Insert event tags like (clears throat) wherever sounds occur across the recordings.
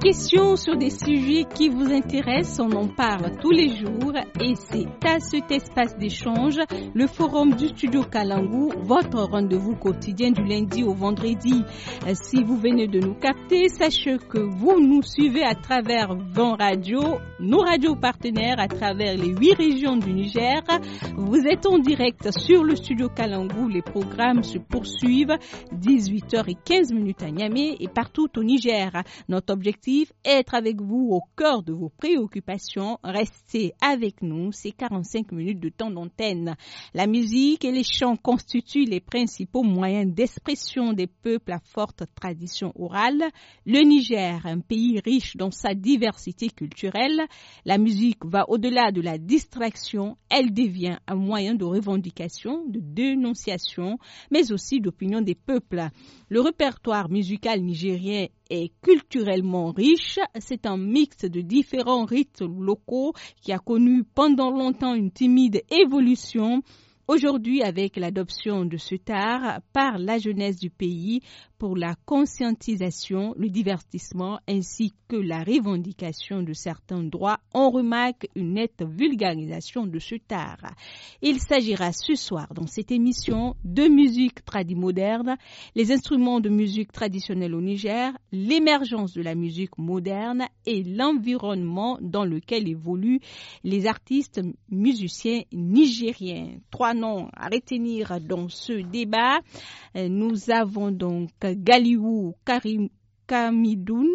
questions sur des sujets qui vous intéressent, on en parle tous les jours et c'est à cet espace d'échange, le forum du studio Kalangou, votre rendez-vous quotidien du lundi au vendredi. Euh, si vous venez de nous capter, sachez que vous nous suivez à travers vos Radio, nos radios partenaires à travers les huit régions du Niger. Vous êtes en direct sur le studio Kalangou, les programmes se poursuivent 18h15 à Niamey et partout au Niger. Notre objectif être avec vous au cœur de vos préoccupations. Restez avec nous, ces 45 minutes de temps d'antenne. La musique et les chants constituent les principaux moyens d'expression des peuples à forte tradition orale. Le Niger, un pays riche dans sa diversité culturelle, la musique va au-delà de la distraction, elle devient un moyen de revendication, de dénonciation, mais aussi d'opinion des peuples. Le répertoire musical nigérien est culturellement riche. C'est un mix de différents rites locaux qui a connu pendant longtemps une timide évolution. Aujourd'hui, avec l'adoption de ce tard par la jeunesse du pays pour la conscientisation, le divertissement ainsi que la revendication de certains droits, on remarque une nette vulgarisation de ce tard. Il s'agira ce soir dans cette émission de musique moderne, les instruments de musique traditionnelle au Niger, l'émergence de la musique moderne et l'environnement dans lequel évoluent les artistes musiciens nigériens. Trois à retenir dans ce débat. Euh, nous avons donc Galiou Karim, Kamidoun,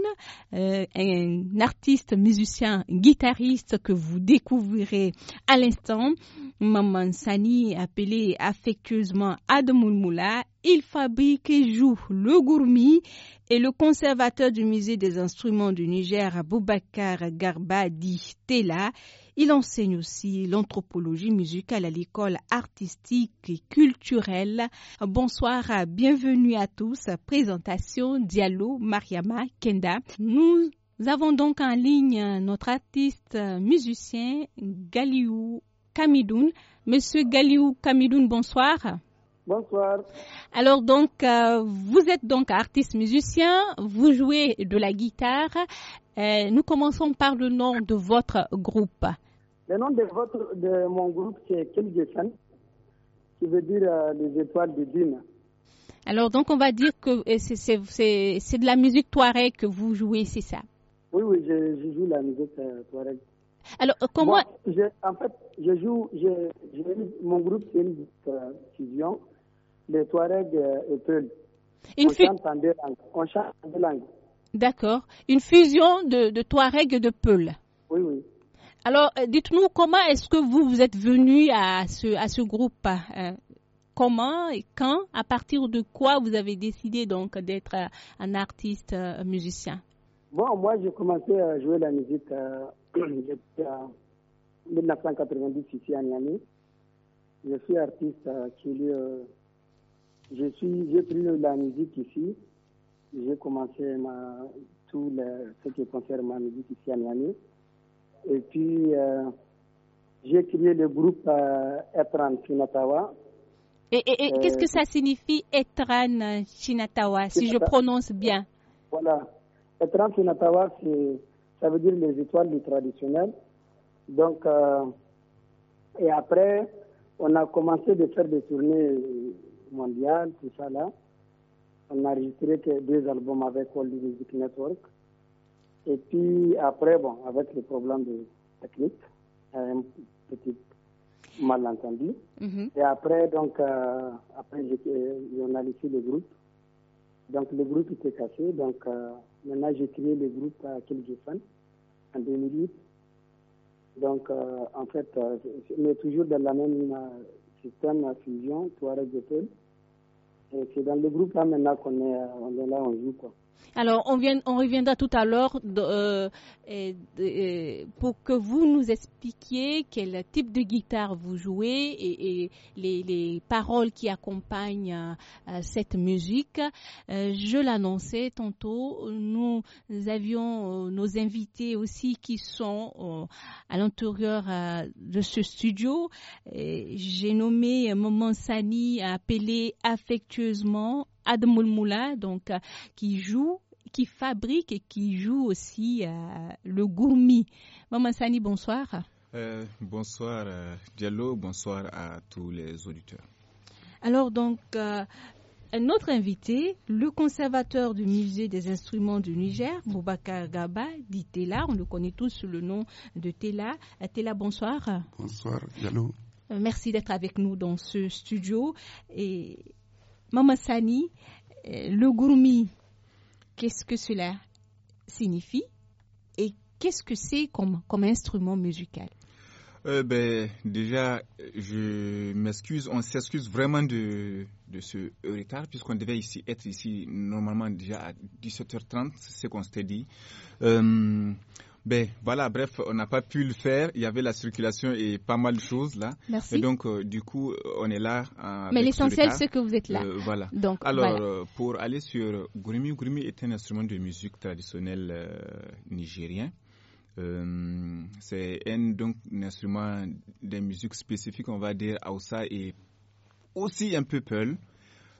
euh, un artiste, musicien, guitariste que vous découvrirez à l'instant. Maman Sani, appelé affectueusement Admoulmoula, il fabrique et joue le gourmi et le conservateur du musée des instruments du Niger, Aboubakar Garba dit Tela. Il enseigne aussi l'anthropologie musicale à l'école artistique et culturelle. Bonsoir, bienvenue à tous. Présentation Diallo Mariama Kenda. Nous avons donc en ligne notre artiste musicien Galiou Kamidoun. Monsieur Galiou Kamidoun, bonsoir. Bonsoir. Alors donc, euh, vous êtes donc artiste musicien, vous jouez de la guitare. Euh, nous commençons par le nom de votre groupe. Le nom de, votre, de mon groupe, c'est Kilgesan, qui veut dire euh, les étoiles de Dune. Alors, donc, on va dire que c'est de la musique Touareg que vous jouez, c'est ça Oui, oui, je, je, joue la musique euh, Touareg. Alors, euh, comment. je, en fait, je joue. Je, mon groupe, c'est une fusion, les Touareg et Peul. on, chante en deux langues. on chante en deux langues. D'accord. Une fusion de, de Touareg et de Peul. Oui, oui. Alors, euh, dites-nous comment est-ce que vous, vous êtes venu à ce, à ce groupe euh, Comment et quand, à partir de quoi vous avez décidé donc d'être euh, un artiste musicien Bon, moi j'ai commencé à jouer la musique (clears throat) en 1990 ici à Niamey. Je suis artiste qui, je suis, j'ai pris la musique ici. J'ai commencé ma, tout ce qui concerne ma musique ici à Niamey. Et puis, euh, j'ai créé le groupe euh, Etran Shinatawa. Et, euh, qu'est-ce que ça signifie Etran Chinatawa, si je prononce bien Voilà. Etran Shinatawa, ça veut dire les étoiles du traditionnel. Donc, et après, on a commencé de faire des tournées mondiales, tout ça là. On a enregistré deux albums avec All Music Network. Et puis après, bon, avec les problèmes de technique, un petit malentendu. Mhm. Et après, donc, euh, après, j'ai euh, a le groupe. Donc, le groupe était cassé. Donc, euh, maintenant, j'ai créé le groupe à en 2008. Donc, en fait, mais toujours dans la même système à fusion, Touareg et Et c'est dans le groupe là maintenant qu'on est là, on joue quoi. Alors, on, reviendra tout à l'heure euh, pour que vous nous expliquiez quel type de guitare vous jouez et, les, paroles qui accompagnent euh, cette musique. Euh, je l'annonçais tantôt, nous, avions nos invités aussi qui sont à l'intérieur de ce studio. J'ai nommé Maman Sani, appeler affectueusement Admoulmoula, donc euh, qui joue qui fabrique et qui joue aussi euh, le gourmi. Maman Sani, bonsoir. Euh, bonsoir Diallo, bonsoir à tous les auditeurs. Alors donc, notre invité, le conservateur du musée des instruments du Niger, Boubacar Gaba, dit Tela, on le connaît tous sous le nom de Tela. Tela, bonsoir. Bonsoir Diallo. Merci d'être avec nous dans ce studio. Et Maman Sani, eh, le gourmi, qu'est-ce que cela signifie et qu'est-ce que c'est comme, instrument musical euh, ben, déjà, je m'excuse, on s'excuse vraiment de, ce retard, puisqu'on devait ici, être ici normalement déjà à 17h30, c'est ce qu'on s'était dit. Euh, ben voilà, bref, on n'a pas pu le faire. Il y avait la circulation et pas mal de choses là. Merci. Et donc, euh, du coup, on est là. Euh, Mais l'essentiel, c'est que vous êtes là. Euh, voilà. Donc, Alors, pour aller sur Gurumi, Gurumi est un instrument de musique traditionnelle nigérien. c'est un, donc, instrument de musique spécifique, on va dire, Aoussa et aussi un peu Peul.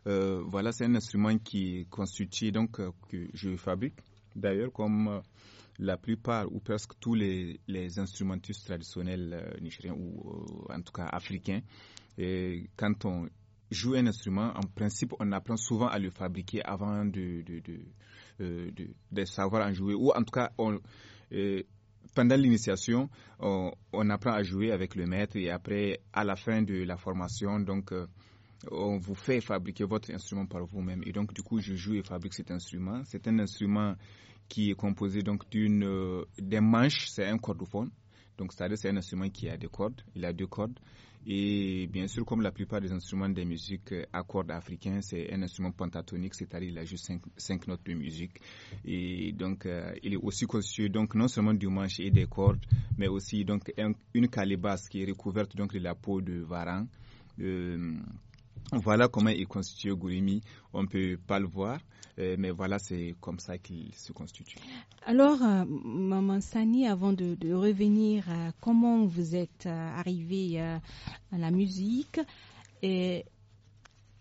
voilà, c'est un instrument qui est constitué, donc, que je fabrique d'ailleurs comme la plupart ou presque tous les, instrumentistes traditionnels euh, nigériens ou euh, en tout cas africains, quand on joue un instrument, en principe, on apprend souvent à le fabriquer avant de, de, de, euh, de, savoir en jouer. Ou en tout cas, pendant l'initiation, on, on, apprend à jouer avec le maître et après, à la fin de la formation, donc. on vous fait fabriquer votre instrument par vous-même. Et donc, du coup, je joue et fabrique cet instrument. C'est un instrument qui est composé donc d'une euh, des manche, c'est un cordophone. Donc c'est-à-dire c'est un instrument qui a des cordes, il a deux cordes. Et bien sûr, comme la plupart des instruments de musique euh, à cordes africains, c'est un instrument pentatonique, c'est-à-dire il a juste cinq, notes de musique. Et donc, euh, il est aussi constitué donc non seulement du manche et des cordes, mais aussi donc une calebasse qui est recouverte donc de la peau de varan. Voilà comment est constitue Gourimi. On ne peut pas le voir, euh, mais voilà, c'est comme ça qu'il se constitue. Alors, euh, Maman Sani, avant de, revenir euh, comment vous êtes arrivé à la musique, et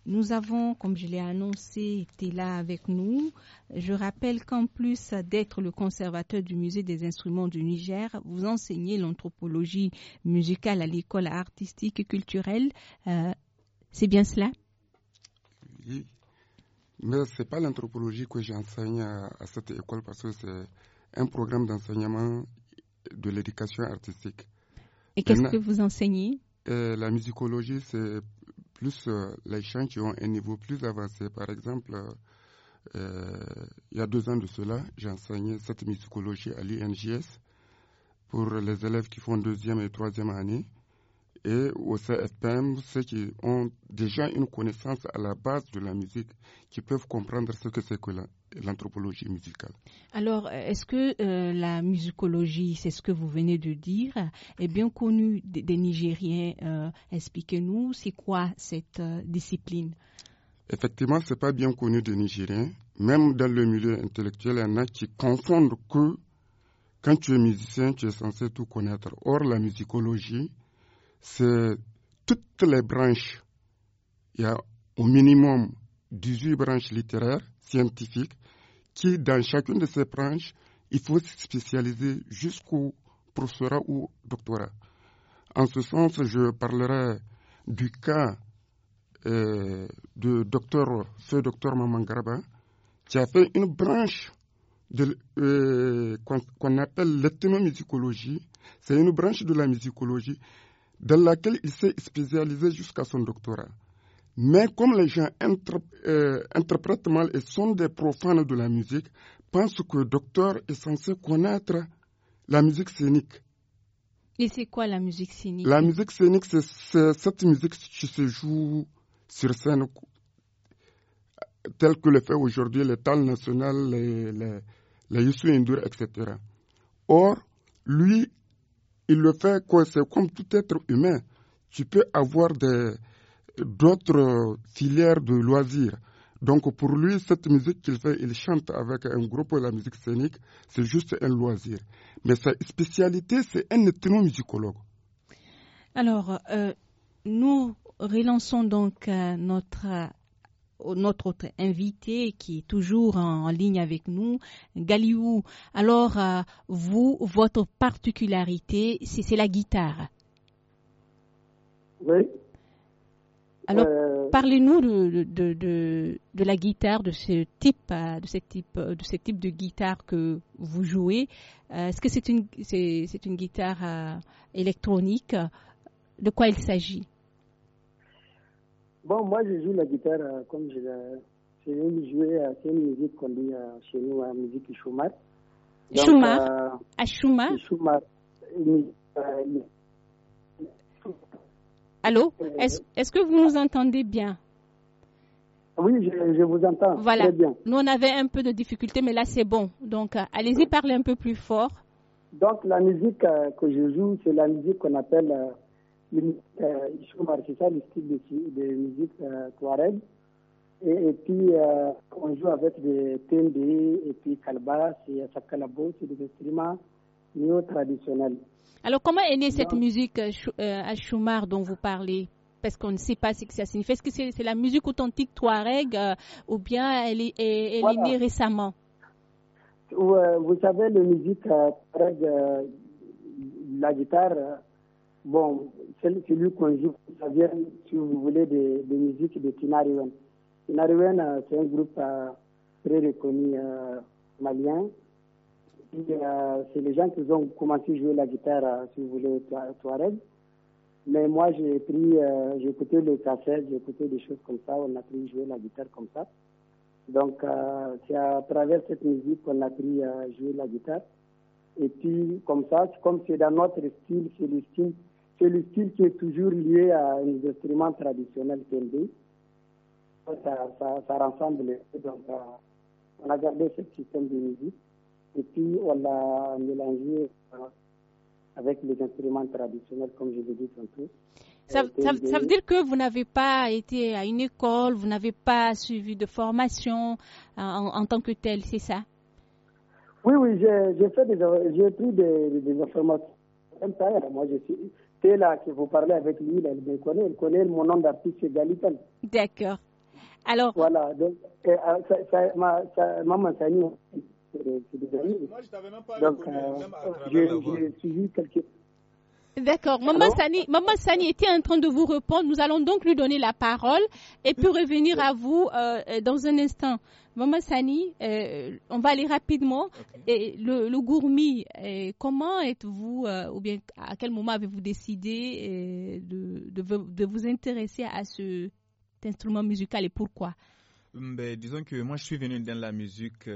nous avons, comme je l'ai annoncé, été là avec nous. Je rappelle qu'en plus d'être le conservateur du musée des instruments du Niger, vous enseignez l'anthropologie musicale à l'école artistique et culturelle c'est bien cela Oui. Mais ce n'est pas l'anthropologie que j'enseigne à, cette école parce que c'est un programme d'enseignement de l'éducation artistique. Et qu'est-ce que vous enseignez euh, La musicologie, c'est plus euh, les chants qui ont un niveau plus avancé. Par exemple, euh, il y a deux ans de cela, j'enseignais cette musicologie à l'INGS pour les élèves qui font deuxième et troisième année et au CFPM, ceux qui ont déjà une connaissance à la base de la musique, qui peuvent comprendre ce que c'est que l'anthropologie musicale. Alors, est-ce que euh, la musicologie, c'est ce que vous venez de dire, est bien connue des, Nigériens euh, Expliquez-nous, c'est quoi cette euh, discipline Effectivement, ce n'est pas bien connu des Nigériens. Même dans le milieu intellectuel, il y en a qui confondent que quand tu es musicien, tu es censé tout connaître. Or, la musicologie, c'est toutes les branches. Il y a au minimum 18 branches littéraires, scientifiques, qui, dans chacune de ces branches, il faut se spécialiser jusqu'au professorat ou doctorat. En ce sens, je parlerai du cas euh, de docteur, ce docteur Mamangaraba, qui a fait une branche euh, qu'on appelle l'ethnomusicologie. C'est une branche de la musicologie dans laquelle il s'est spécialisé jusqu'à son doctorat. Mais comme les gens euh, interprètent mal et sont des profanes de la musique, pensent que le docteur est censé connaître la musique scénique. Et c'est quoi la musique scénique La musique scénique, c'est cette musique qui se joue sur scène, telle que le fait aujourd'hui les tal national, les, les, les etc. Or, lui, il le fait c'est comme tout être humain. Tu peux avoir d'autres filières de loisirs. Donc pour lui, cette musique qu'il fait, il chante avec un groupe de la musique scénique, c'est juste un loisir. Mais sa spécialité, c'est un ethnomusicologue. Alors, euh, nous relançons donc euh, notre notre invité qui est toujours en, ligne avec nous, Galiou. Alors, euh, vous, votre particularité, c'est la guitare. Oui. Alors, euh, parlez-nous de, de, la guitare, de ce type, euh, de ce type, de ce type de guitare que vous jouez. Est-ce que c'est c'est, une guitare électronique De quoi il s'agit Bon, moi, je joue la guitare euh, comme je l'ai. C'est une, jouer, euh, une musique qu'on dit euh, chez nous, la hein, musique Choumar. Choumar À Choumar Allô Est-ce que vous nous entendez bien Oui, je, je, vous entends. Voilà. bien. Nous, on avait un peu de difficulté, mais là, c'est bon. Donc, allez-y, parlez un peu plus fort. Donc, la musique que je joue, c'est la musique qu'on appelle une style de, musique e, touareg. Et, puis, e, on joue avec des TND, et puis kalbas et c'est des instruments néo-traditionnels. Alors, comment est née cette musique euh, euh, à Choumar dont vous parlez parce qu'on ne sait pas ce que ça signifie. Est-ce que c'est la musique authentique touareg euh, ou bien elle est, elle, est née récemment Vous savez, la musique touareg, la guitare, Bon, celui, lui qu'on joue, ça vient, si vous voulez, des de musiques de Tinariwen. Tinariwen, euh, c'est un groupe euh, très reconnu euh, malien. c'est les gens qui ont commencé à jouer la guitare, si vous voulez, Touareg. Mais moi, j'ai pris, j'ai écouté les cassettes, j'ai écouté des choses comme ça, on a à jouer la guitare comme ça. Donc, c'est à travers cette musique qu'on a appris à jouer la guitare. Et puis, comme ça, comme c'est dans notre style, c'est le style c'est le style qui est toujours lié à un instrument traditionnel kende. Ça, ça, ça rassemble. Donc, euh, on a gardé ce système de musique et puis on l'a mélangé euh, avec les instruments traditionnels, comme je l'ai dit tantôt. Ça, euh, ça, veut dire que vous n'avez pas été à une école, vous n'avez pas suivi de formation en, tant que tel, c'est ça Oui, oui, j'ai pris des, des informations. Moi, je suis, c'est là que vous parlez avec lui, elle me connaît, il connaît mon nom d'artiste, c'est Galitan. D'accord. Alors. Voilà, donc, euh, ça, ça, ma, ça, maman c'est Moi, je t'avais même pas donc, je, euh, j'ai suivi quelques. D'accord. Maman Sani, Maman Sani était en train de vous répondre. Nous allons donc lui donner la parole et puis revenir à vous euh, dans un instant. Maman Sani, euh, on va aller rapidement. Et le, le gourmi, euh, comment êtes-vous, ou bien à quel moment avez-vous décidé de, vous intéresser à ce instrument musical et pourquoi hum, ben, Disons que moi, je suis venu dans la musique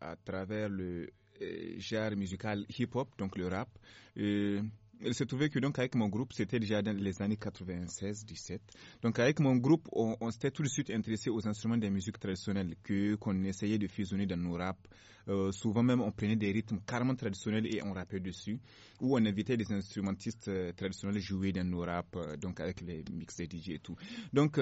à travers le genre musical hip-hop, donc le rap il s'est trouvé que donc avec mon groupe, c'était déjà dans les années 96-17. Donc avec mon groupe, on, s'était tout de suite intéressé aux instruments des musiques traditionnelles que qu'on essayait de fusionner dans nos rap. Euh, souvent même, on prenait des rythmes carrément traditionnels et on rappait dessus. Ou on invitait des instrumentistes traditionnels euh, traditionnels jouer dans nos rap, euh, donc avec les mix des DJ et tout. Donc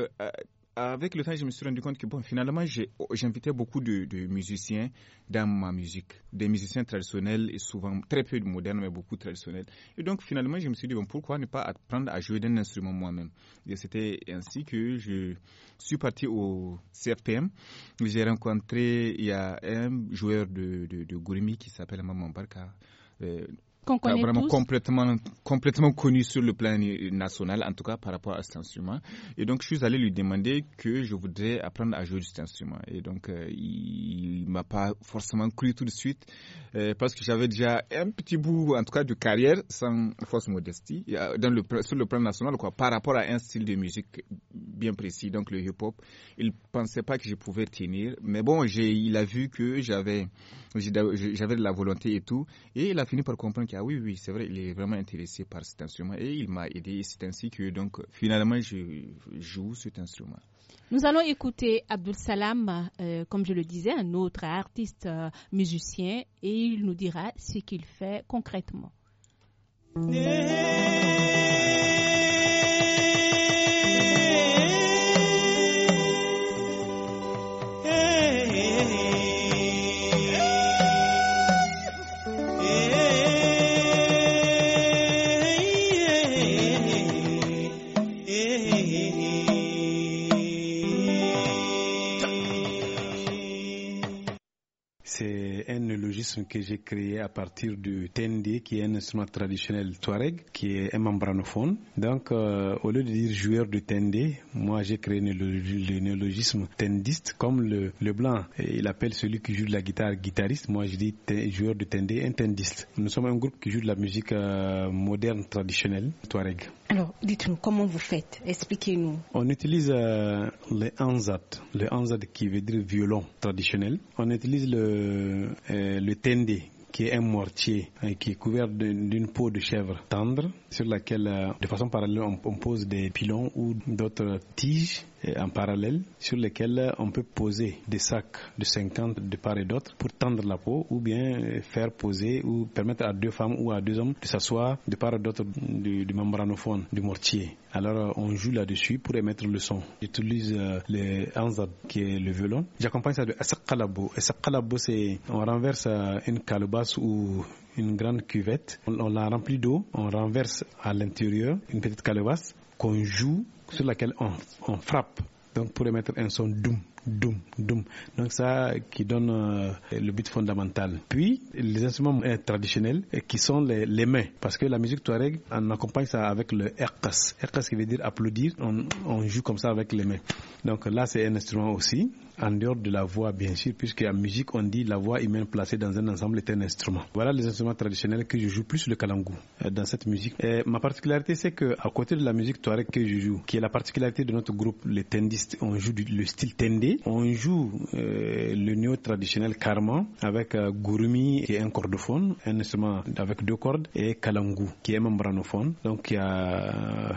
avec le temps, je me suis rendu compte que bon, finalement, oh, j'invitais beaucoup de, musiciens dans ma musique. Des musiciens traditionnels et souvent très peu de modernes, mais beaucoup traditionnels. Et donc, finalement, je me suis dit, pourquoi ne pas apprendre à jouer d'un instrument moi-même Et c'était ainsi que je suis parti au CFPM. J'ai rencontré, il y a un joueur de, de, qui s'appelle Maman Barka. Euh, vraiment complètement, complètement connu sur le plan national, en tout cas par rapport à cet instrument. Et donc, je suis allé lui demander que je voudrais apprendre à jouer cet instrument. Et donc, euh, il ne m'a pas forcément cru tout de suite euh, parce que j'avais déjà un petit bout, en tout cas, de carrière sans fausse modestie euh, dans le, sur le plan national quoi, par rapport à un style de musique bien précis, donc le hip-hop. Il ne pensait pas que je pouvais tenir. Mais bon, il a vu que j'avais de la volonté et tout. Et il a fini par comprendre qu'il ah oui, oui, c'est vrai, il est vraiment intéressé par cet instrument et il m'a aidé. C'est ainsi que donc finalement je joue cet instrument. Nous allons écouter Abdul Salam, euh, comme je le disais, un autre artiste euh, musicien, et il nous dira ce qu'il fait concrètement. que j'ai créé à partir du Tendé qui est un instrument traditionnel touareg, qui est un membranophone. Donc, euh, au lieu de dire joueur du Tendé, moi j'ai créé le, néologisme tendiste, comme le, le blanc, il appelle celui qui joue de la guitare guitariste. Moi je dis joueur de Tendé un tendiste. Nous sommes un groupe qui joue de la musique euh, moderne traditionnelle touareg. Alors, dites-nous comment vous faites. Expliquez-nous. On utilise euh, le les le anzat qui veut dire violon traditionnel. On utilise le, le qui est un mortier euh, qui est couvert d'une peau de chèvre tendre sur laquelle euh, de façon parallèle on, on pose des pilons ou d'autres tiges en parallèle sur lesquels on peut poser des sacs de 50 de part et d'autre pour tendre la peau ou bien faire poser ou permettre à deux femmes ou à deux hommes de s'asseoir de part et d'autre du, membranophone, du mortier. Alors euh, on joue là-dessus pour émettre le son. J'utilise les euh, le anzab qui est le violon. J'accompagne ça de asakalabo. calabot c'est on renverse euh, une calebasse ou une grande cuvette. On, la remplit d'eau, on renverse à l'intérieur une petite calebasse qu'on joue sur laquelle on, frappe donc pour émettre un son doum, doum, doum. Donc ça qui donne euh, le but fondamental. Puis les instruments euh, traditionnels euh, qui sont les, mains, parce que la musique touareg, on accompagne ça avec le erkas. Erkas qui veut dire applaudir, on, on joue comme ça avec les mains. Donc là c'est un instrument aussi en dehors de la voix, bien sûr, puisque en musique, on dit la voix humaine placée dans un ensemble est un instrument. Voilà les instruments traditionnels que je joue plus le kalangu euh, dans cette musique. ma particularité, c'est que à côté de la musique touareg que je joue, qui est la particularité de notre groupe, les tendistes, on joue le style tendé, on joue euh, le néo traditionnel karma avec euh, gurumi qui est un cordophone, un instrument avec deux cordes, et kalangu qui est membranophone. Donc il y a euh,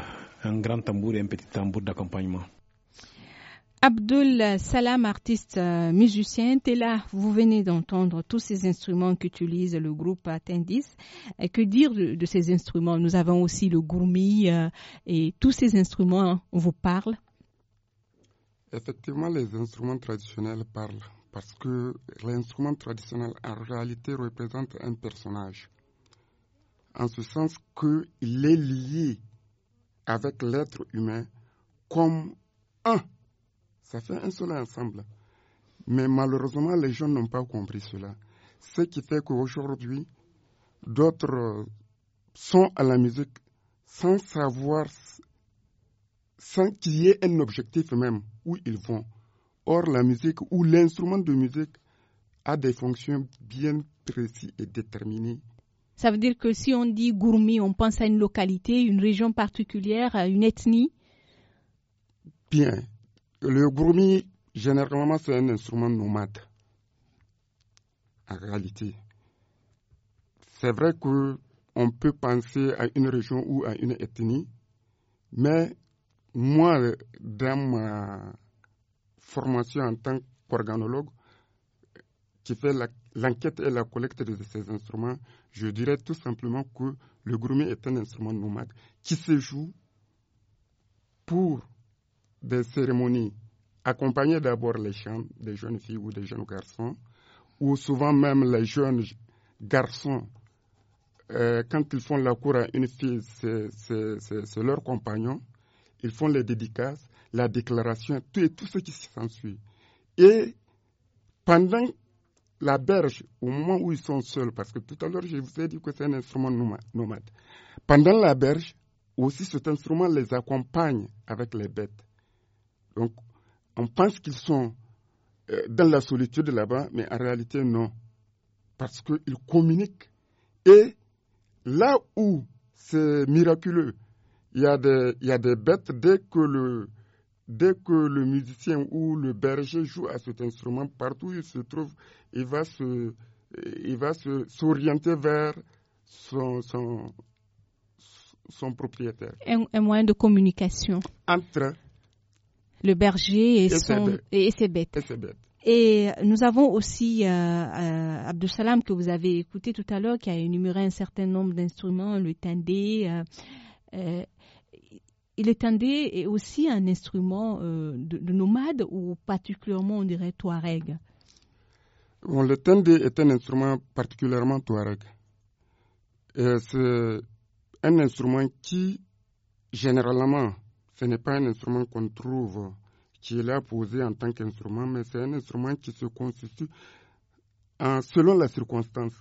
un grand tambour et un petit tambour d'accompagnement. Abdul Salam, artiste euh, musicien, es Vous venez d'entendre tous ces instruments qu'utilise le groupe Tendis. que dire de, ces instruments Nous avons aussi le gourmi euh, et tous ces instruments vous parlent Effectivement, les instruments traditionnels parlent parce que l'instrument traditionnel en réalité représente un personnage. En ce sens qu'il est lié avec l'être humain comme un ça fait un seul ensemble. Mais malheureusement, les gens n'ont pas compris cela. Ce qui fait qu'aujourd'hui, d'autres sont à la musique sans savoir, sans qu'il y ait un objectif même où ils vont. Or, la musique ou l'instrument de musique a des fonctions bien précises et déterminées. Ça veut dire que si on dit gourmi, on pense à une localité, une région particulière, à une ethnie Bien, le gourmi, généralement, c'est un instrument nomade, en réalité. C'est vrai qu'on peut penser à une région ou à une ethnie, mais moi, dans ma formation en tant qu'organologue, qui fait l'enquête et la collecte de ces instruments, je dirais tout simplement que le gourmi est un instrument nomade qui se joue pour des cérémonies accompagnées d'abord les jeunes, des jeunes filles ou des jeunes garçons, ou souvent même les jeunes garçons, euh, quand ils font la cour à une fille, c'est leur compagnon, ils font les dédicaces, la déclaration, tout, et tout ce qui s'ensuit. Et pendant la berge, au moment où ils sont seuls, parce que tout à l'heure je vous ai dit que c'est un instrument nomade, pendant la berge, aussi cet instrument les accompagne avec les bêtes donc, on pense qu'ils sont euh, dans la solitude là-bas, mais en réalité, non. Parce qu'ils communiquent. Et là où c'est miraculeux, il y, a des, il y a des bêtes, dès que, le, dès que le musicien ou le berger joue à cet instrument, partout où il se trouve, il va se, il va s'orienter vers son, son, son propriétaire. Un, un, moyen de communication. Entre le berger et, ses bêtes. et, nous avons aussi euh, euh Salam que vous avez écouté tout à l'heure qui a énuméré un certain nombre d'instruments, le tindé. Euh, euh, le tindé est aussi un instrument de, de, nomade ou particulièrement on dirait touareg. le tindé est un instrument particulièrement touareg. C'est un instrument qui généralement ce n'est pas un instrument qu'on trouve qui est là posé en tant qu'instrument, mais c'est un instrument qui se constitue selon la circonstance.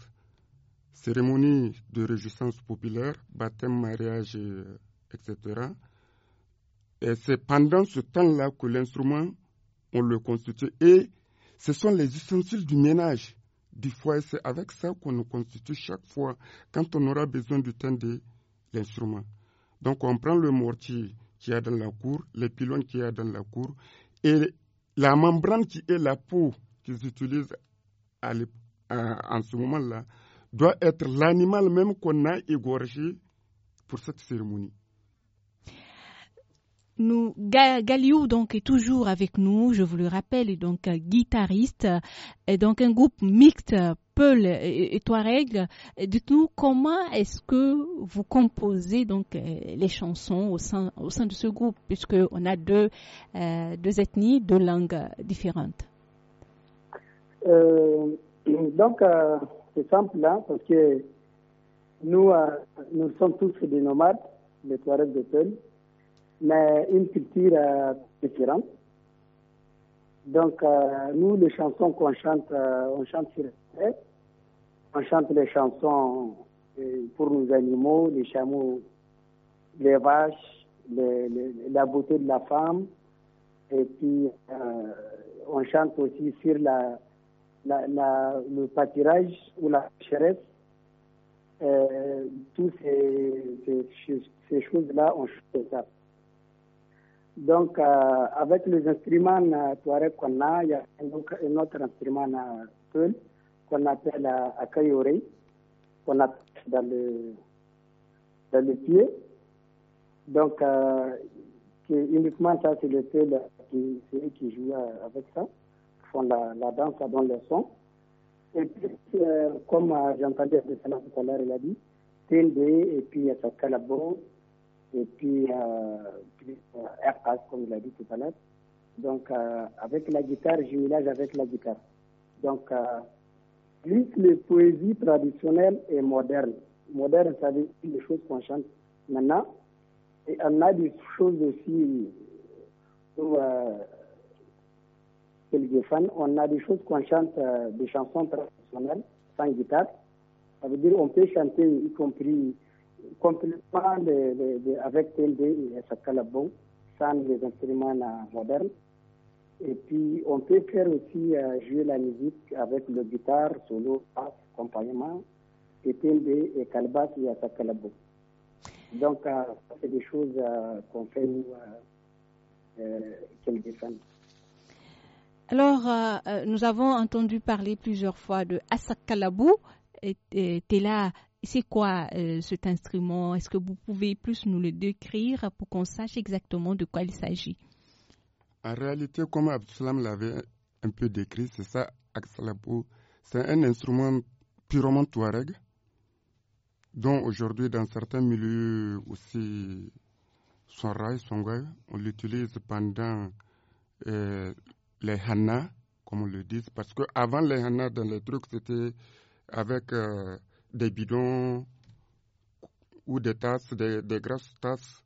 Cérémonie de réjouissance populaire, baptême, mariage, euh, etc. Et c'est pendant ce temps-là que l'instrument, on le constitue. Et ce sont les ustensiles du ménage du foyer. C'est avec ça qu'on nous constitue chaque fois quand on aura besoin du temps de l'instrument. Donc on prend le mortier, qui y a dans la cour, les pylônes qui y a dans la cour et la membrane qui est la peau qu'ils utilisent à en ce moment-là doit être l'animal même qu'on a égorgé pour cette cérémonie nous, donc est toujours avec nous, je vous le rappelle, est donc guitariste, et donc un groupe mixte, Peul et, Touareg. Dites-nous comment est-ce que vous composez donc euh, les chansons au sein, de ce groupe, puisqu'on a euh, deux, ethnies, deux langues différentes. Euh, donc, c'est simple, hein, parce que nous, sommes tous des nomades, les Touaregs de Peul mais une culture euh, différente. Donc, euh, nous, les chansons qu'on chante, euh, on chante sur tête, On chante les chansons pour nos animaux, les chameaux, les vaches, la beauté de la femme. Et puis, on chante aussi sur la, le pâturage ou la chéresse. toutes ces choses-là, on chante ça. Donc, euh, avec les instruments euh, Touareg qu'on a, il y a un, autre instrument seul euh, qu'on appelle Akayore, qu'on a dans le, dans pied. Donc, uniquement ça, c'est le qui, qui joue avec ça, qui font la, la danse dans le son. Et puis, comme j'entendais tout à l'heure, il a dit, Tendé, et puis il y a et puis, euh, puis euh, comme il a dit tout à l'heure. Donc, euh, avec la guitare, mélange avec la guitare. Donc, plus les poésies traditionnelles et modernes. Moderne, ça veut dire les choses qu'on chante maintenant. Et on a des choses aussi pour les fans. On a des choses qu'on chante, des chansons traditionnelles, sans guitare. Ça veut dire on peut chanter, y compris complètement de, de, avec TLD et Asakalabou, sans les instruments euh, modernes. Et puis, on peut faire aussi euh, jouer la musique avec le guitare, solo, basse, accompagnement, et TND et Kalbas et Asakalabou. Donc, euh, c'est des choses qu'on fait, nous, qu'elles défendent. Alors, nous avons entendu parler plusieurs fois de et Tela c'est quoi euh, cet instrument Est-ce que vous pouvez plus nous le décrire pour qu'on sache exactement de quoi il s'agit En réalité, comme Salam l'avait un peu décrit, c'est ça, C'est un instrument purement touareg, dont aujourd'hui, dans certains milieux aussi, son rail, on l'utilise pendant euh, les hannas, comme on le dit, parce qu'avant les hannas, dans les trucs, c'était avec. Euh, des bidons ou des tasses, des, grosses tasses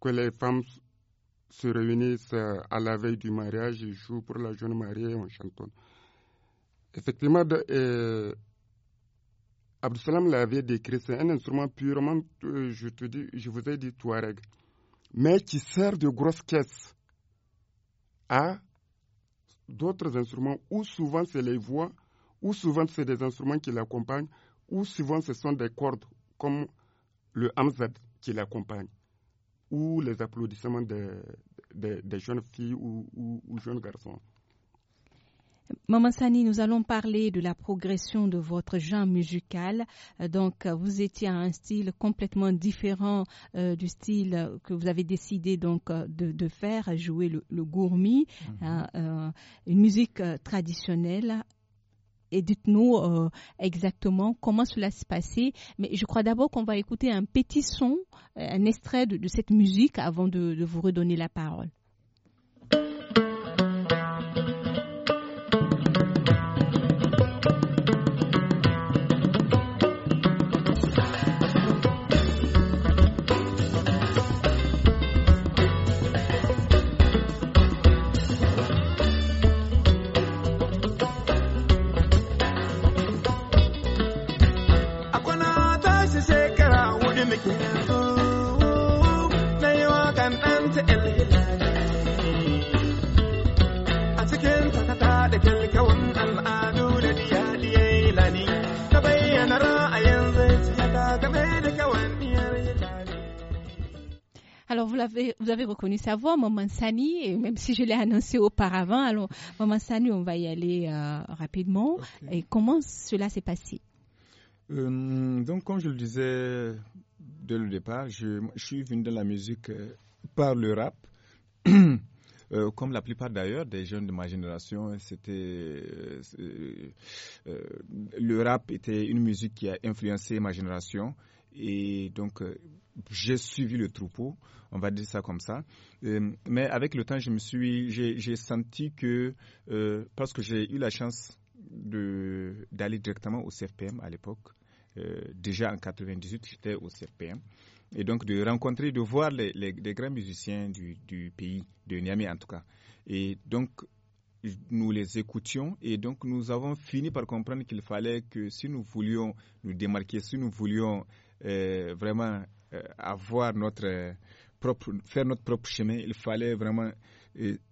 que les femmes se réunissent à la veille du mariage, ils jouent pour la jeune mariée, on chantonne. Effectivement, euh, Salam l'avait décrit, c'est un instrument purement, euh, je, te dis, je vous ai dit Touareg, mais qui sert de grosse caisse à d'autres instruments, où souvent c'est les voix, où souvent c'est des instruments qui l'accompagnent, ou souvent ce sont des cordes comme le Hamzad qui l'accompagne, ou les applaudissements des, jeunes filles ou, jeunes garçons. Maman Sani, nous allons parler de la progression de votre genre musical. Euh, donc, vous étiez à un style complètement différent euh, du style que vous avez décidé donc euh, de, faire, jouer le, gourmi, mhm. hein, une musique traditionnelle et dites-nous euh, exactement comment cela s'est passé. Mais je crois d'abord qu'on va écouter un petit son, euh, un extrait de, cette musique avant de vous redonner la parole. vous avez reconnu sa voix, Maman Sani, et même si je l'ai annoncé auparavant, alors Maman Sani, on va y aller euh, rapidement. Et comment cela s'est passé euh, Donc, comme je le disais dès le départ, je, suis venu dans la musique euh, par le rap. (clears throat) comme la plupart d'ailleurs des jeunes de ma génération, c'était le rap était une musique qui a influencé ma génération et donc, euh, j'ai suivi le troupeau, on va dire ça comme ça. Euh, mais avec le temps, je me suis, j'ai senti que, euh, parce que j'ai eu la chance d'aller directement au CFPM à l'époque, déjà en 98, j'étais au CFPM, et donc de rencontrer, de voir les, les, grands musiciens du, du pays, de Niamey en tout cas. Et donc, nous les écoutions et donc nous avons fini par comprendre qu'il fallait que si nous voulions nous démarquer, si nous voulions euh, vraiment euh, avoir notre euh, propre, faire notre propre chemin, il fallait vraiment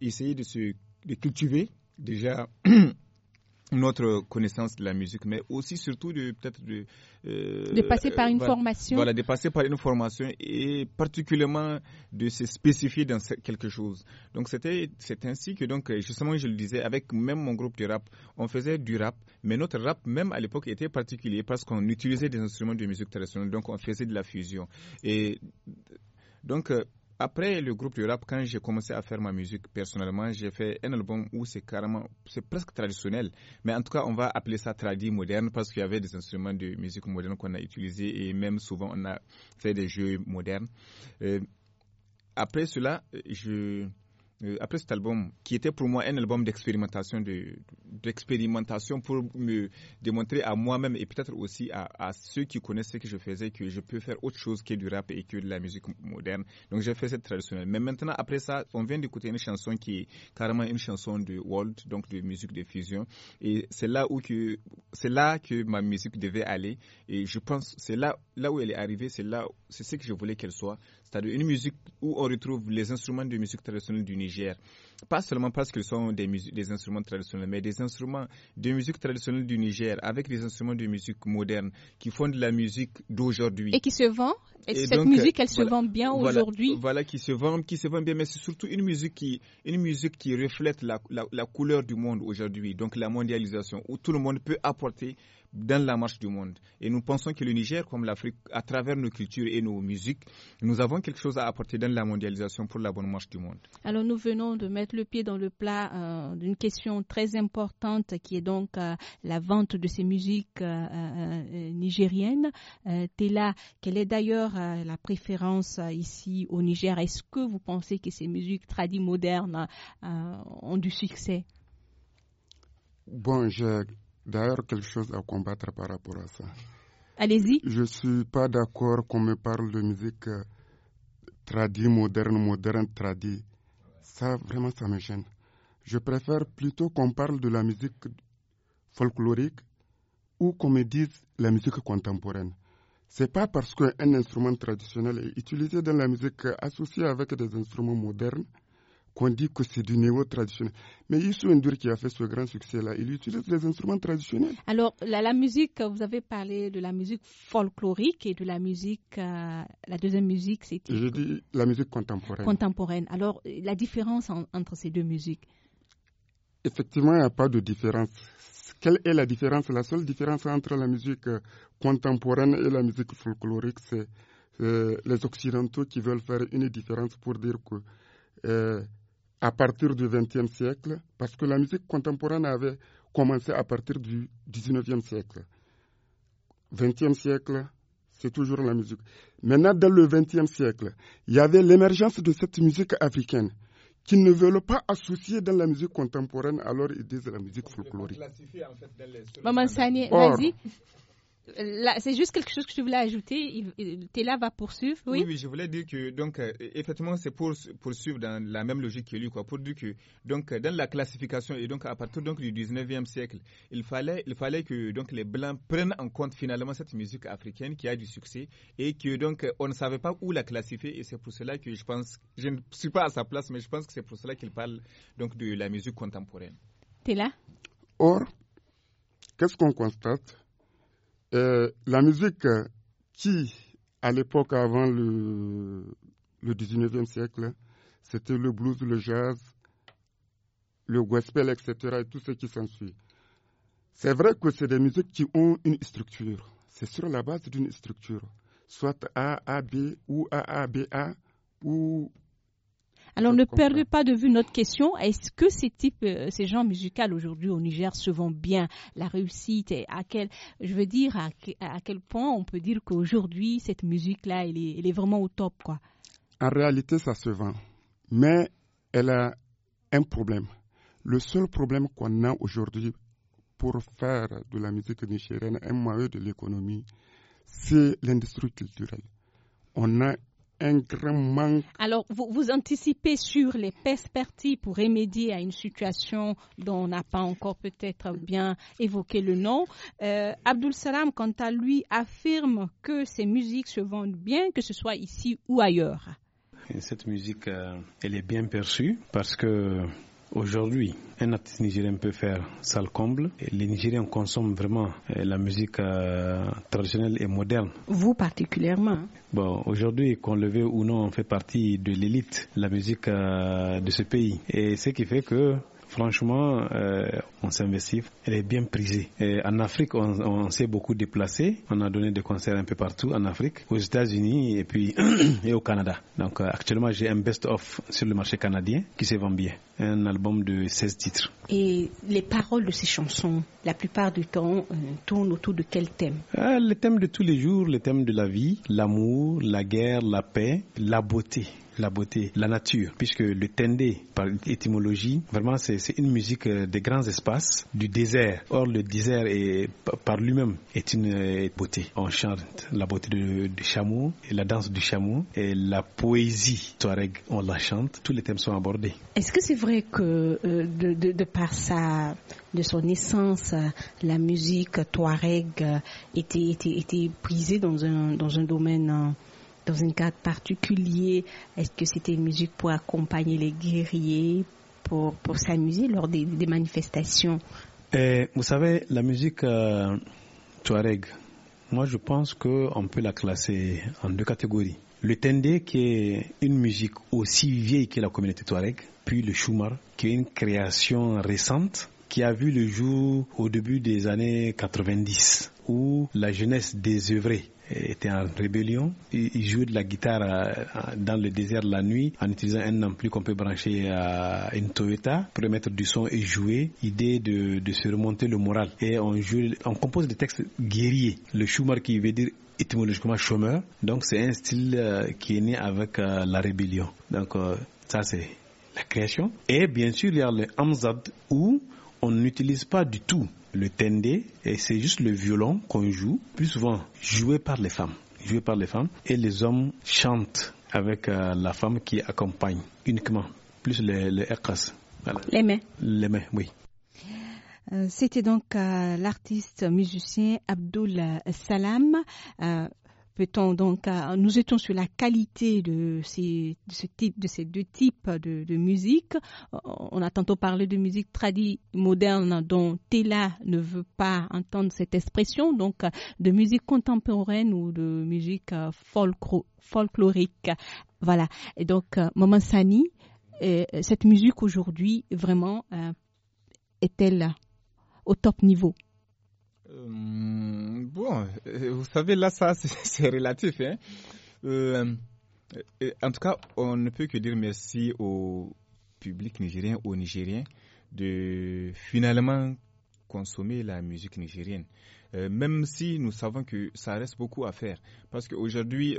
essayer de se de cultiver déjà (clears throat) notre connaissance de la musique, mais aussi surtout de peut-être de, euh, de passer par une formation. Voilà, de passer par une formation et particulièrement de se spécifier dans quelque chose. Donc c'était c'est ainsi que donc justement je le disais avec même mon groupe de rap, on faisait du rap, mais notre rap même à l'époque était particulier parce qu'on utilisait des instruments de musique traditionnelle, donc on faisait de la fusion et donc euh, après le groupe du rap, quand j'ai commencé à faire ma musique, personnellement, j'ai fait un album où c'est carrément, c'est presque traditionnel. Mais en tout cas, on va appeler ça tradit moderne parce qu'il y avait des instruments de musique moderne qu'on a utilisés et même souvent on a fait des jeux modernes. Euh, après cela, je, euh, après cet album, qui était pour moi un album d'expérimentation, d'expérimentation pour me démontrer à moi-même et peut-être aussi à, ceux qui connaissaient ce que je faisais que je peux faire autre chose que du rap et que de la musique moderne. Donc j'ai fait cette traditionnelle. Mais maintenant, après ça, on vient d'écouter une chanson qui est carrément une chanson de world, donc de musique de fusion. Et c'est là où que, c'est là que ma musique devait aller. Et je pense, c'est là, là où elle est arrivée, c'est là, c'est ce que je voulais qu'elle soit c'est-à-dire une musique où on retrouve les instruments de musique traditionnelle du Niger. Pas seulement parce qu'ils sont des, instruments traditionnels, mais des instruments de musique traditionnelle du Niger avec des instruments de musique moderne qui font de la musique d'aujourd'hui. Et qui se vend cette musique, elle se vend bien aujourd'hui Voilà, qui se vend, qui se vend bien, mais c'est surtout une musique qui, une musique qui reflète la couleur du monde aujourd'hui, donc la mondialisation, où tout le monde peut apporter dans la marche du monde. Et nous pensons que le Niger, comme l'Afrique, à travers nos cultures et nos musiques, nous avons quelque chose à apporter dans la mondialisation pour la bonne marche du monde. Alors nous venons de mettre le pied dans le plat euh, d'une question très importante qui est donc euh, la vente de ces musiques euh, nigériennes. Tela, quelle est d'ailleurs la préférence ici au Niger Est-ce que vous pensez que ces musiques tradis modernes ont du succès Bon, je d'ailleurs quelque chose à combattre par rapport à ça. Allez-y. Je ne suis pas d'accord qu'on me parle de musique euh, tradie, moderne, moderne, tradie. Ça, vraiment, ça me gêne. Je préfère plutôt qu'on parle de la musique folklorique ou qu'on me dise la musique contemporaine. Ce n'est pas parce qu'un instrument traditionnel est utilisé dans la musique associée avec des instruments modernes qu'on dit que c'est du niveau traditionnel. Mais Yusuf Ndour qui a fait ce grand succès-là, il utilise les instruments traditionnels. Alors, la, musique, vous avez parlé de la musique folklorique et de la musique, euh, la deuxième musique, c'était... Je dis la musique contemporaine. Contemporaine. Alors, la différence entre ces deux musiques Effectivement, il n'y a pas de différence. Quelle est la différence La seule différence entre la musique euh, contemporaine et la musique folklorique, c'est euh, les Occidentaux qui veulent faire une différence pour dire que à partir du XXe siècle, parce que la musique contemporaine avait commencé à partir du XIXe siècle. XXe siècle, c'est toujours la musique. Maintenant, dans le XXe siècle, il y avait l'émergence de cette musique africaine qui ne veulent pas associer dans la musique contemporaine, alors ils disent la musique folklorique. Maman Sani, vas-y c'est juste quelque chose que je voulais ajouter. Téla va poursuivre, oui? je voulais dire que, donc, euh, effectivement, c'est pour poursuivre dans la même logique que lui, quoi, pour dire que, donc, euh, dans la classification, et donc, à partir donc, du 19e siècle, il fallait, il fallait que, donc, les Blancs prennent en compte finalement cette musique africaine qui a du succès et que, donc, euh, on ne savait pas où la classifier et c'est pour cela que je pense, je ne suis pas à sa place, mais je pense que c'est pour cela qu'il parle, donc, de la musique contemporaine. Téla Or, qu'est-ce qu'on constate? Euh, la musique euh, qui, à l'époque avant le, le 19e siècle, c'était le blues, le jazz, le gospel, etc., et tout ce qui s'ensuit. C'est vrai que c'est des musiques qui ont une structure. C'est sur la base d'une structure, soit A, A, B, ou A, A, B, A, ou alors ne perdez pas de vue notre question. Est-ce que ces types, euh, ces gens musicaux aujourd'hui au Niger se vendent bien La réussite, à quel, je veux dire, à, quel point on peut dire qu'aujourd'hui cette musique-là, elle est, vraiment au top, quoi En réalité, ça se vend, mais elle a un problème. Le seul problème qu'on a aujourd'hui pour faire de la musique nigérienne un moyen de l'économie, c'est l'industrie culturelle. On a alors, vous, vous anticipez sur les perspectives pour remédier à une situation dont on n'a pas encore peut-être bien évoqué le nom. Euh, Abdul Salam, quant à lui, affirme que ses musiques se vendent bien, que ce soit ici ou ailleurs. cette musique, euh, elle est bien perçue parce que Aujourd'hui, un artiste nigérien peut faire salle comble. Les Nigériens consomment vraiment euh, la musique euh, traditionnelle et moderne. Vous particulièrement hein? Bon, aujourd'hui, qu'on le veuille ou non, on fait partie de l'élite, la musique euh, de ce pays. Et ce qui fait que Franchement, euh, on s'investit. Elle est bien prisée. en Afrique, on, s'est beaucoup déplacé. On a donné des concerts un peu partout en Afrique, aux États-Unis et puis (clears throat) et au Canada. Donc euh, actuellement, j'ai un best-of sur le marché canadien qui se vend bien. Un album de 16 titres. Et les paroles de ces chansons, la plupart du temps, euh, tournent autour de quel thème ah, Le thème de tous les jours, les thèmes de la vie, l'amour, la guerre, la paix, la beauté la beauté, la nature, puisque le tendé, par étymologie, vraiment c'est une musique euh, des grands espaces, du désert. Or, le désert est, par lui-même est une euh, beauté. On chante la beauté du chameau, et la danse du chameau, et la poésie touareg, on la chante. Tous les thèmes sont abordés. Est-ce que c'est vrai que euh, de, par sa, de son essence, la musique touareg était, était, était dans un, dans un domaine dans un cadre particulier Est-ce que c'était une musique pour accompagner les guerriers, pour, pour s'amuser lors des, des manifestations eh, Vous savez, la musique euh, touareg, moi je pense qu'on peut la classer en deux catégories. Le tendé, qui est une musique aussi vieille que la communauté touareg, puis le choumar, qui est une création récente qui a vu le jour au début des années 90, où la jeunesse désœuvrée était en rébellion. Il jouait de la guitare euh, dans le désert la nuit en utilisant un ampli qu'on peut brancher à une Toyota pour mettre du son et jouer. Idée de, de se remonter le moral. Et on, on compose des textes guerriers. Le Schumer qui veut dire étymologiquement chômeur. Donc c'est un style euh, qui est né avec euh, la rébellion. Donc ça c'est la création. Et bien sûr il y a le Hamzad où on n'utilise pas du tout le tendé, et c'est juste le violon qu'on joue, plus souvent joué par les femmes, joué par les femmes, et les hommes chantent avec euh, la femme qui accompagne uniquement, plus les, les Les mains. Les oui. Euh, c'était donc euh, l'artiste musicien Abdul Salam donc, euh, nous étions sur la qualité de ces, ce type, de ces deux types de, musique. On a tantôt parlé de musique tradie moderne dont Tela ne veut pas entendre cette expression, donc euh, de musique contemporaine ou de musique euh, folklorique. Voilà. Et donc, Maman Sani, cette musique aujourd'hui vraiment est-elle au top niveau? Euh, bon, euh, vous savez, là, ça, (laughs) c'est relatif. Hein? Euh, en tout cas, on ne peut que dire merci au public nigérien, aux Nigériens, de finalement consommer la musique nigérienne. même si nous savons que ça reste beaucoup à faire. Parce qu'aujourd'hui,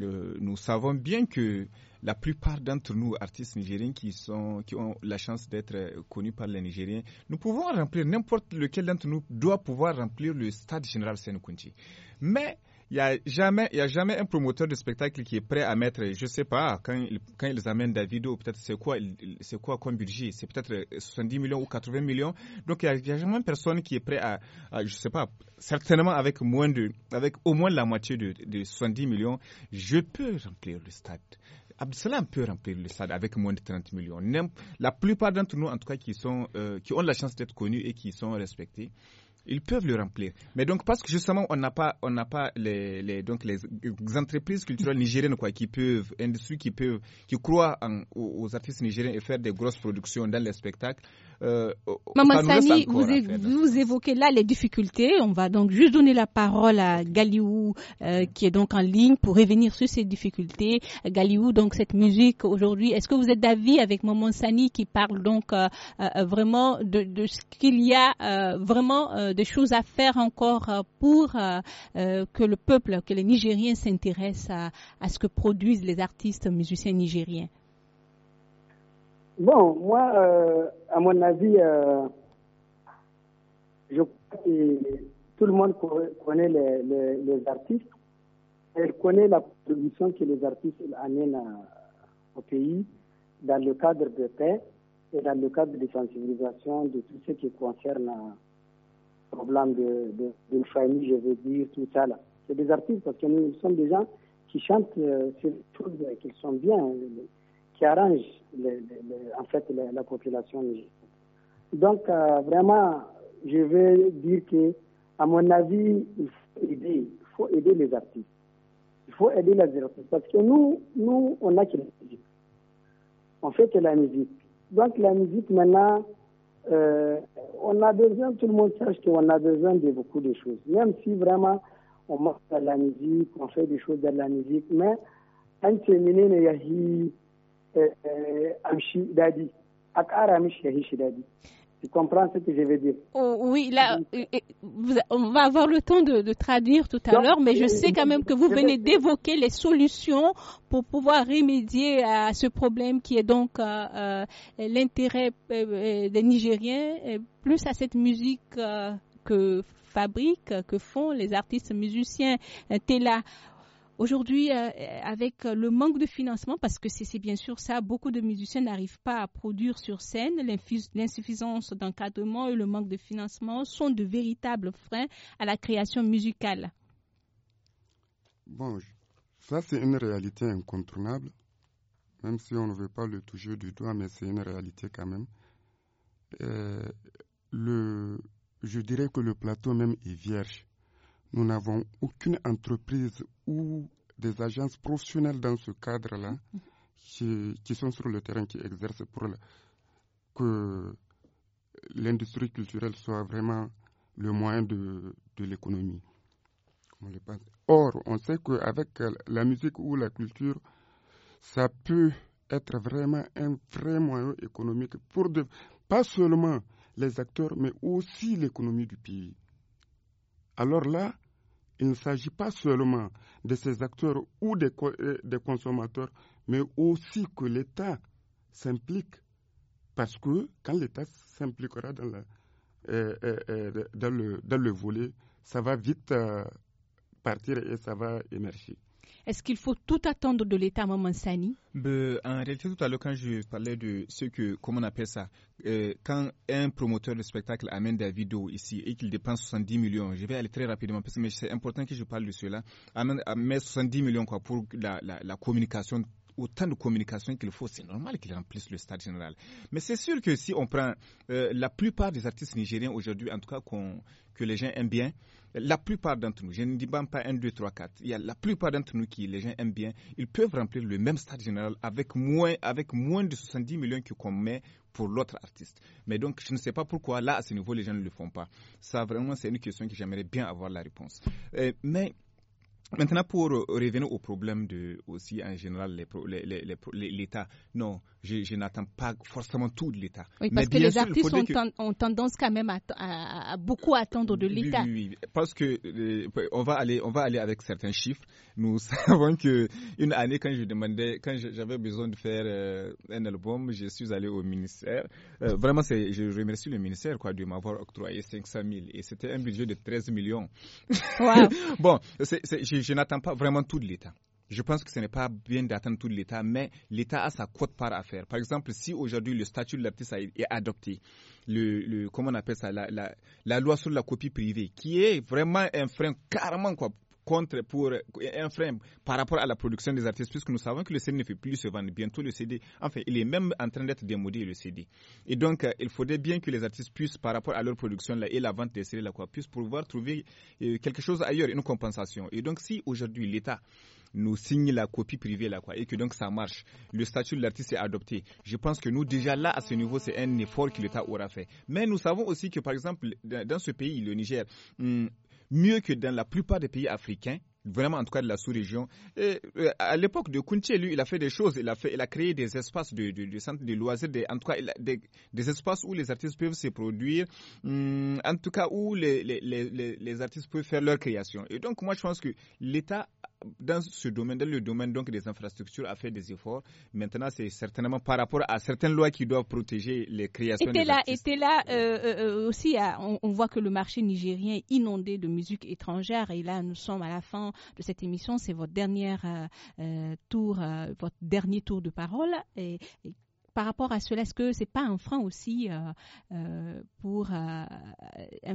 euh, nous savons bien que la plupart d'entre nous, artistes nigériens qui, sont, qui ont la chance d'être euh, connus par les Nigériens, nous pouvons remplir, n'importe lequel d'entre nous doit pouvoir remplir le stade général Sénoukounti. Mais il n'y a, jamais, a jamais un promoteur de spectacle qui est prêt à mettre, je ne sais pas, quand, il, quand ils amènent ou peut-être c'est quoi, c'est quoi comme budget C'est peut-être 70 euh, millions ou 80 millions. Donc il n'y a, jamais personne qui est prêt à, je ne sais pas, certainement avec, moins de, avec au moins la moitié de, de 70 millions, je peux remplir le stade. Abdeslam peut remplir le stade avec moins de 30 millions. La plupart d'entre nous, en tout cas, qui, sont, euh, qui ont la chance d'être connus et qui sont respectés, ils peuvent le remplir. Mais donc, parce que justement, on n'a pas, on n'a pas les, donc les entreprises culturelles nigériennes, quoi, qui peuvent, industries qui peuvent, qui croient aux, aux, artistes nigériens et faire des grosses productions dans les spectacles, euh, Maman Sani, hein, vous, évoquez là les difficultés. On va donc juste donner la parole à Galiou, euh, qui est donc en ligne, pour revenir sur ces difficultés. Galiou, donc cette musique aujourd'hui, est-ce que vous êtes d'avis avec Maman Sani qui parle donc euh, vraiment de, ce qu'il y a vraiment des choses à faire encore pour que le peuple, que les Nigériens s'intéressent à, à ce que produisent les artistes musiciens nigériens Bon, moi, euh, à mon avis, euh, je crois que tout le monde connaît les, les, artistes. Elle connaît la production que les artistes amènent au pays dans le cadre de paix et dans le cadre de sensibilisation de tout ce qui concerne le euh, problème de, de, famille, je veux dire, tout ça C'est des artistes parce que nous, nous sommes des gens qui chantent sur tout qu'ils sont bien. Hein, qui arrange en fait la population Donc euh, vraiment, je veux dire que, à mon avis, il faut aider, faut aider les artistes. Il faut aider les artistes parce que nous, nous, on a que la musique. On fait que la musique. Donc la musique maintenant, euh, on a besoin, tout le monde sache qu'on a besoin de beaucoup de choses. Même si vraiment on marche à la musique, on fait des choses dans la musique, mais un terminé, il y euh, euh, tu comprends ce que je veux dire oh, Oui, là, euh, on va avoir le temps de, traduire tout à l'heure, mais je sais quand même que vous venez d'évoquer les solutions pour pouvoir remédier à ce problème qui est donc l'intérêt des Nigériens, plus à cette musique que fabriquent, que font les artistes musiciens. là. Aujourd'hui, euh, euh, avec le manque de financement, parce que c'est bien sûr ça, beaucoup de musiciens n'arrivent pas à produire sur scène. L'insuffisance d'encadrement et le manque de financement sont de véritables freins à la création musicale. Bon, ça c'est une réalité incontournable, même si on ne veut pas le toucher du doigt, mais c'est une réalité quand même. Euh, le, je dirais que le plateau même est vierge nous n'avons aucune entreprise ou des agences professionnelles dans ce cadre-là qui, sont sur le terrain, qui exercent pour que l'industrie culturelle soit vraiment le moyen de, l'économie. Or, on sait qu'avec la musique ou la culture, ça peut être vraiment un vrai moyen économique pour pas seulement les acteurs, mais aussi l'économie du pays alors là, il ne s'agit pas seulement de ces acteurs ou euh, des, consommateurs, mais aussi que l'État s'implique. Parce que quand l'État s'impliquera dans, euh, euh, le, volet, ça va vite partir et ça va émerger. Est-ce qu'il faut tout attendre de l'État, Maman Sani En réalité, tout à l'heure, quand je parlais de ce que, comment on appelle ça, euh, quand un promoteur de spectacle amène des vidéos ici et qu'il dépense 70 millions, je vais aller très rapidement parce que c'est important que je parle de cela, amène, 70 millions quoi, pour la, communication autant de communication qu'il faut, c'est normal qu'il remplisse le stade général. Mais c'est sûr que si on prend euh, la plupart des artistes nigériens aujourd'hui, en tout cas que les gens aiment bien, la plupart d'entre nous, je ne dis pas 1, 2, 3, 4, il y a la plupart d'entre nous qui, les gens aiment bien, ils peuvent remplir le même stade général avec moins, avec moins de 70 millions qu'on met pour l'autre artiste. Mais donc, je ne sais pas pourquoi, là, à ce niveau, les gens ne le font pas. Ça, vraiment, c'est une question que j'aimerais bien avoir la réponse. Euh, mais Maintenant, pour revenir au problème de, aussi en général, l'État. Les, les, non, je, n'attends pas forcément tout de l'État. Oui, parce que les artistes ont, tendance quand même à, beaucoup attendre de l'État. Oui, oui, parce que euh, on va aller, on va aller avec certains chiffres. Nous (laughs) savons que une année, quand je demandais, quand j'avais besoin de faire euh, un album, je suis allé au ministère. Euh, vraiment, je remercie le ministère quoi de m'avoir octroyé 500 000 et c'était un budget de 13 millions. Wow. (laughs) bon, c'est, je n'attends pas vraiment tout l'État. Je pense que ce n'est pas bien d'attendre tout l'État, mais l'État a sa quote part à faire. Par exemple, si aujourd'hui le statut de l'artiste est adopté, le, on appelle ça, la, la, loi sur la copie privée, qui est vraiment un frein carrément quoi, contre pour euh, un frein par rapport à la production des artistes, puisque nous savons que le CD ne fait plus se vendre. Bientôt, le CD, enfin, il est même en train d'être démodé, le CD. Et donc, euh, il faudrait bien que les artistes puissent, par rapport à leur production et la vente des CD, quoi, puissent pouvoir trouver euh, quelque chose ailleurs, une compensation. Et donc, si aujourd'hui l'État nous signe la copie privée quoi et que donc ça marche. Le statut de l'artiste est adopté. Je pense que nous déjà là à ce niveau c'est un effort que l'État aura fait. Mais nous savons aussi que par exemple dans ce pays le Niger hmm, mieux que dans la plupart des pays africains, vraiment en tout cas de la sous-région. Euh, à l'époque de Kunti, lui, il a fait des choses, il a, fait, il a créé des espaces de, de loisirs, en tout cas des, espaces où les artistes peuvent se produire, hum, en tout cas où les, les, les, les, artistes peuvent faire leur création. Et donc moi je pense que l'État dans ce domaine, dans le domaine donc des infrastructures, a fait des efforts. Maintenant, c'est certainement par rapport à certaines lois qui doivent protéger les créations. Était là, là euh, euh, euh, aussi. Hein, on, voit que le marché nigérien est inondé de musique étrangère. Et là, nous sommes à la fin de cette émission. C'est votre dernière tour, votre dernier tour de parole. Et, par rapport à cela, est-ce que c'est pas un frein aussi pour un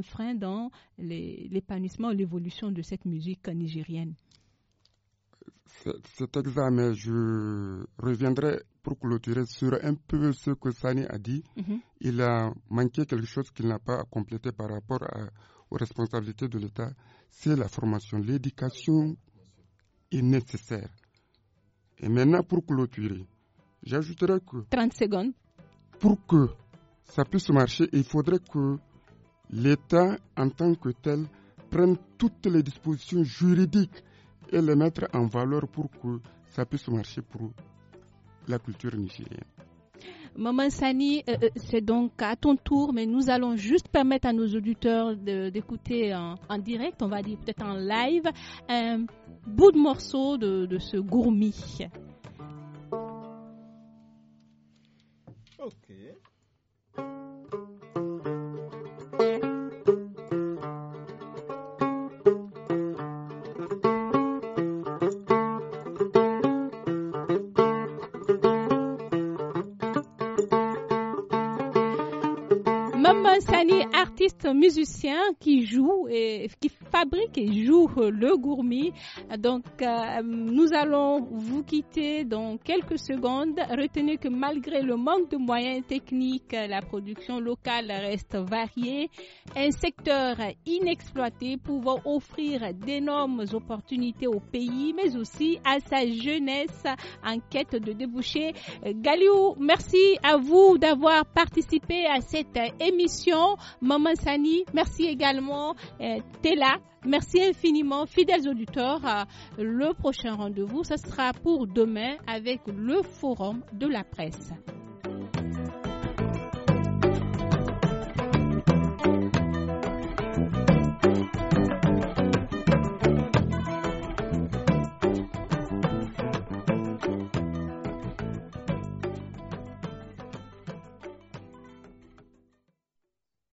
frein dans l'épanouissement, l'évolution de cette musique nigérienne cet examen, je reviendrai pour clôturer sur un peu ce que Sani a dit. Mhm. Il a manqué quelque chose qu'il n'a pas complété par rapport aux responsabilités de l'État. C'est la formation. L'éducation est nécessaire. Et maintenant, pour clôturer, j'ajouterai que... 30 secondes. Pour que ça puisse marcher, il faudrait que l'État, en tant que tel, prenne toutes les dispositions juridiques et le mettre en valeur pour que ça puisse marcher pour la culture nigérienne. Maman Sani, euh, euh, c'est donc à ton tour, mais nous allons juste permettre à nos auditeurs d'écouter en, direct, on va dire peut-être en live, un bout de morceau de, ce gourmi. Ok. artistes musiciens qui joue et qui fabrique et joue euh, le gourmet. Donc, euh, nous allons vous quitter dans quelques secondes. Retenez que malgré le manque de moyens techniques, la production locale reste variée. Un secteur inexploité pouvant offrir d'énormes opportunités au pays, mais aussi à sa jeunesse en quête de débouchés. Galiou, merci à vous d'avoir participé à cette émission. Maman Sani, merci également. Euh, Tella. Merci infiniment, fidèles auditeurs. Le prochain rendez-vous, ce sera pour demain avec le forum de la presse.